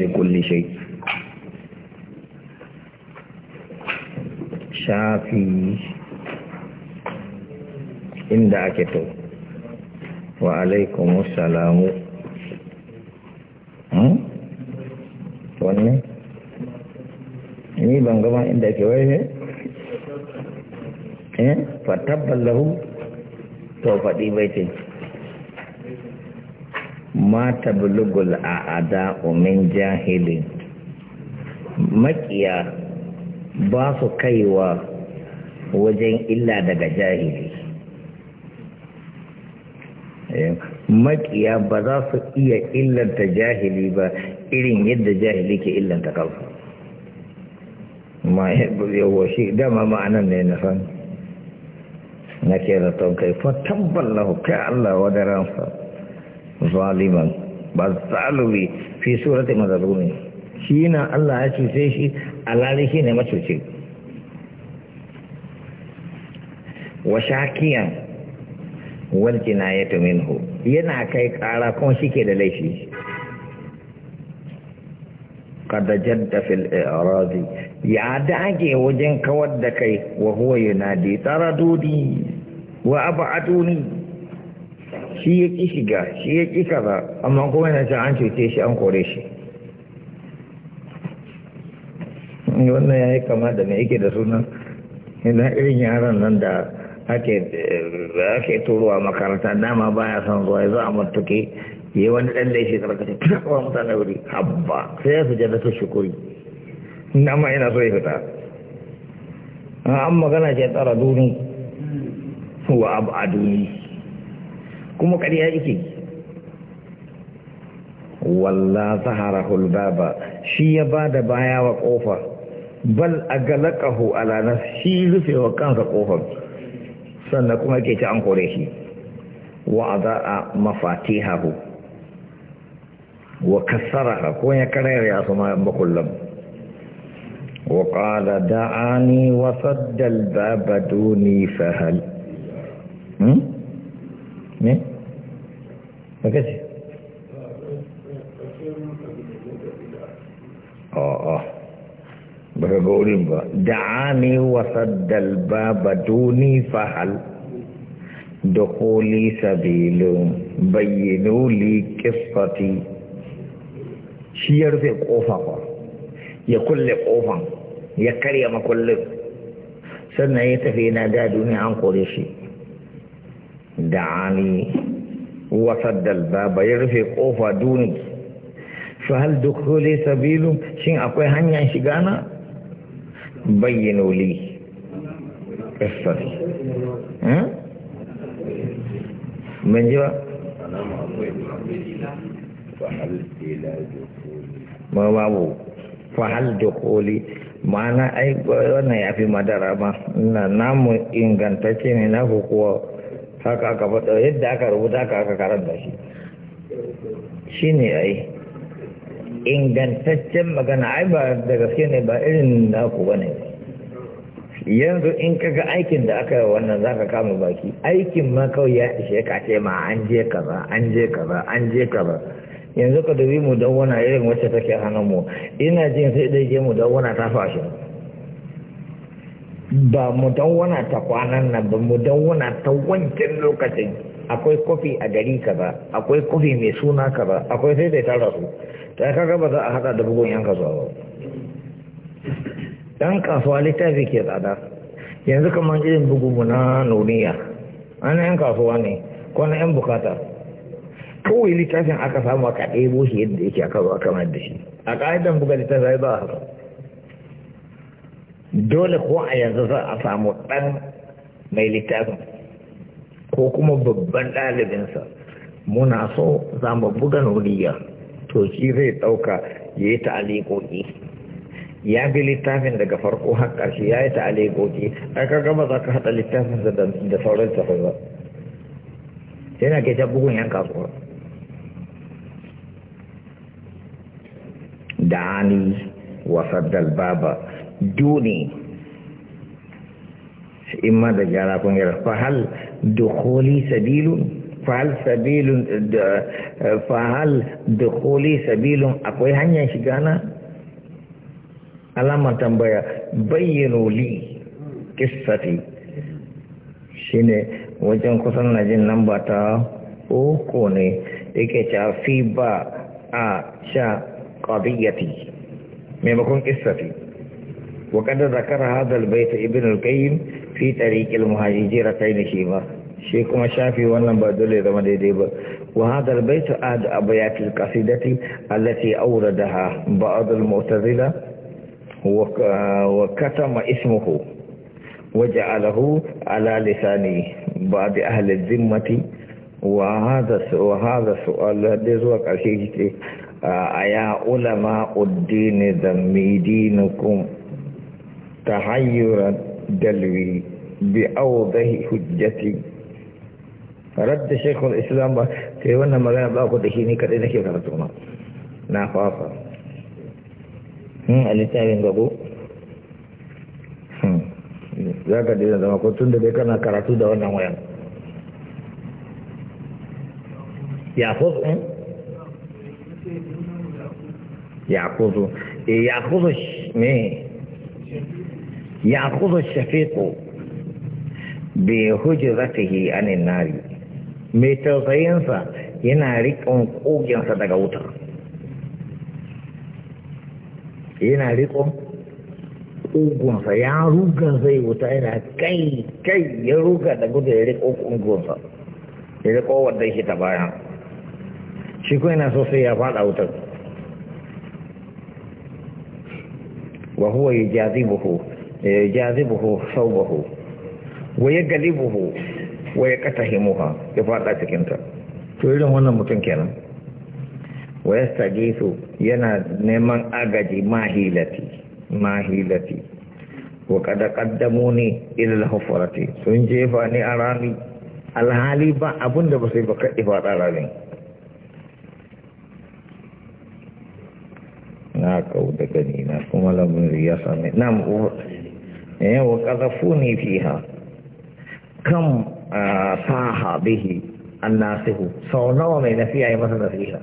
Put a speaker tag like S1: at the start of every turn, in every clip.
S1: لكل شيء شافي عند أكتو وعليكم السلام wannan ni ban gaba inda ke wai ne eh fatabballahu to faɗi bai ce ma a ada min jahili makiya ba su kaiwa wajen illa daga jahili makiya ba za su iya illanta jahili ba irin yadda jahili ke illanta kansu ma yawo shi dama ma'anan ne na san na ke zaton kai fa tabballahu kai Allah wadaransa zaliman bazzalumi fi surati mazalumi shi na Allah ya cuce shi alali shi ne macuce wa shakiyan wal jinayatu minhu yana kai kara kuma shike da laifi kada jadda fil i'radi ya dage wajen kawar da kai wa huwa yunadi taradudi wa ab'aduni shi ya ƙi shiga shi ya ƙi kaza amma kuma yana ce an cuce shi an kore shi wannan ya yi kama da mai yake da suna yana irin yaran nan da ake turuwa makaranta dama baya son zuwa ya zo a ya yi wani ɗan laifi karkashin kawai mutane wuri habba sai ya sujada su shukuri na ma ina so ya fita an magana ce tsara duni wa abu a duni kuma ƙarya yake walla Zahra hulbaba shi ya ba da baya wa ƙofa bal a galakahu alana shi rufe wa kansa ƙofar sannan kuma ke ci an kore shi wa a za a mafati hahu wa kassara ko ya karayar ya su ma bakullan وقال دعاني وصد الباب دوني فهل fahal. Hmm? ما اه اه بقولين دعاني وسد الباب دوني فهل دخولي سبيل بينوا لي شير في قوفا يا كل قوفا يا كريم كل سنة يتفينا دا دوني عن قريشي دعاني wasaddal baba ya rufe kofa duni. fa hal dukhuli sabilum shin akwai hanya shiga na bayyana li mana ai wannan ya fi madara ba na namu ingantacce ne na hukuwa haka aka faɗa yadda aka rubuta haka aka karanta shi shi ne a yi ingantaccen magana ai ba da gaske ne ba irin naku ba ne yanzu in kaga aikin da aka yi wannan za ka kama baki aikin ma kawai ya ishe ka ce ma an je ka ba an je ka ba an je ka ba yanzu ka dubi mu dawwana irin wacce take hannun mu ina jin sai dai je mu dawwana ta fashe ba mu dawwana ta kwanan nan ba mu dawwana ta wancan lokacin akwai kofi a gari ka ba akwai kofi mai suna ka ba akwai sai sai tara su ta kaga ba za a hada da bugun yan kasuwa ba dan kasuwa littafi ke tsada yanzu kamar irin bugun mu na nuniya an yan kasuwa ne ko na yan bukata kawai littafin aka samu aka ɗebo shi yadda yake aka zo aka mayar da shi a ƙa'idan buga littafi ba haka dole ko a yanzu za a samu ɗan mai littafin ko kuma babban ɗalibinsa muna so za mu buga nuriya to shi zai ɗauka ya yi ta'alikoki ya bi littafin daga farko har ƙarshe ya yi ta'alikoki a ka gama za ka haɗa littafin da sauran tafai ba yana ke ta bugun yan kasuwa ani wasar dalbaba duni imma da gyara kun gyara fahal sabilun fahal sabilun fahal sabilun akwai hanyar shiga na alamar tambaya bayyano li shi shine wajen kusan na jin nan ba ta uku ne yake ta fi ba a sha qadiyati maimakon kissati وقد ذكر هذا البيت ابن القيم في طريق المهاجرتين شيما shi kuma shafi wannan ba dole zama daidai ba wa hadal baitu ad abayatil qasidati allati awradaha da al mu'tazila wa katama ismuhu wa ja'alahu ala lisani ba'd ahli dhimmati wa hadha wa hadha da zuwa karshe shi aya ulama uddini dhammi dinukum تحير دلوي بأوضه حجتي رد شيخ الإسلام كي وانا مغانا باقو دشيني كتنا شيخ رسولنا نا خاصة الإسلام قبو za ka daina zama ko tun da dai kana karatu da wannan wayan ya kuzo ɗin? ya kuzo ya kuzo يأخذ الشفيق بهجرته عن النار ميتو ينسى ينارك أنقوب ينسى دقوتا ينارك ƙugunsa ya ruga zai wuta yana kai kai ya ruga da gudu ya riƙo ƙugunsa ya riko wadda yake ta baya. shi kuma yana so sai ya faɗa wutar wa huwa Eh, jazibuhu saubahu wa ya galibuhu wa ya katahimuha ya fada cikinta to irin wannan mutum kenan wa ya su. yana neman agaji mahilati mahilati wa kada kaddamu ne ilal hufarati sun jefa ni a rami alhali ba abinda ba sai ba kaɗi faɗa ramin na kau da gani na kuma lamun riya sami na Eh, wa qazafuni fiha kam ah, saha bihi annasihu sau nawa mai nasiha ya masa nasiha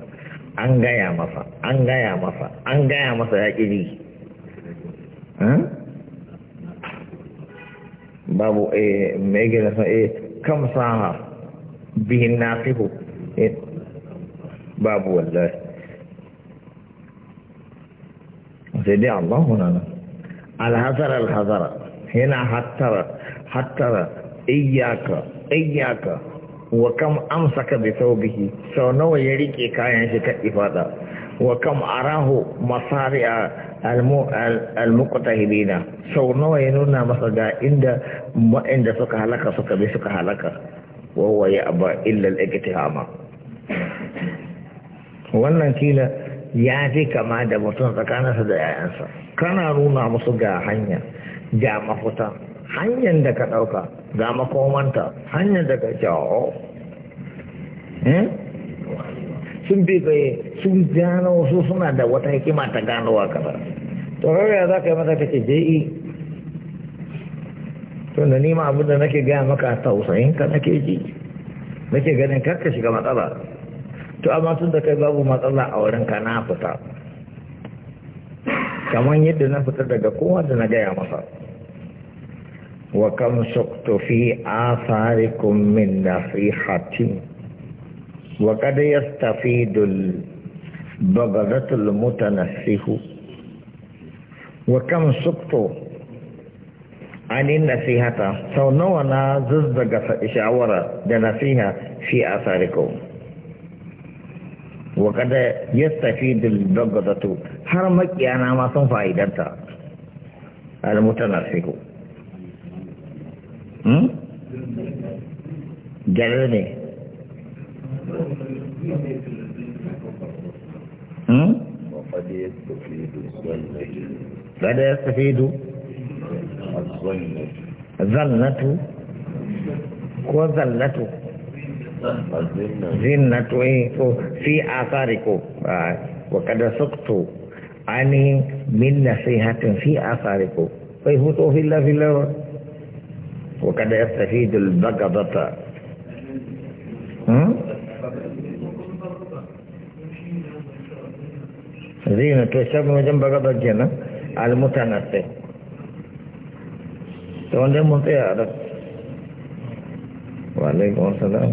S1: an gaya masa an gaya masa an gaya masa ya ƙiri hmm? babu mai gina sun eh kam saha bihin nasihu eh, babu wallahi sai dai Allah hunana alhazara alhazara هنا حتر حتر إياك إياك وكم أمسك بثوبه سو نو يريكي كاين شكا إفادة وكم أراه مصارع المو المقتهدين سو نو ينونا مصدا عند ما عند سكا هلكا سكا بسكا هلكا وهو يأبى إلا الاجتهام wannan kila ya fi kama da mutum tsakanin su da 'ya'yansa kana nuna musu ga ga mafuta hanyar da ka ɗauka ga makomanta hanyar da ka jawo oh. eh? sun bi sun gano su suna da wata hikima ta ganowa kaza to ya za ka yi mata kake je to da nima abin da nake gaya maka tausayin ka nake ji nake ganin karka shiga matsala to amma tun da kai babu matsala a wurin ka na fita kamar yadda na fita daga kowa da na gaya masa وكم سقت في آثاركم من نصيحة وقد يستفيد البغضة المتنسه وكم سقت عن النصيحة سونونا ززدق إشعورة دنصيحة في آثاركم وقد يستفيد البغضة هرمك يعني ما فائدتها المتنسه Hmm? gare ne hmm? ya zannatu ko zannatu zinnatu eh, ko fi asariku ah, wa kada suktu ani min nasihatin fi asariku kai hutu وقد يستفيد البقضة زينة الشاب وجن بقضة جنة المتنسي تون دي منطقة عرب وعليكم السلام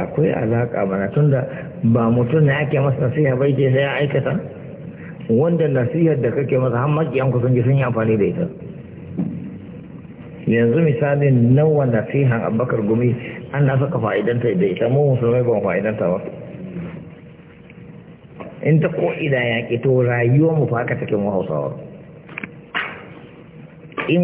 S1: akwai alaƙa mana tun da ba mutum ne ake masu nasiha bai ke sai ya aikata wanda nasihar da kake masa har makiyanku sun ji sun yi amfani da ita yanzu misalin nawa nasihan abakar gumi an na saka fa'idanta da ita mu musulmai ban fa'idanta ba in ta ko ida ya ke to rayuwar mu fa haka take mu hausawa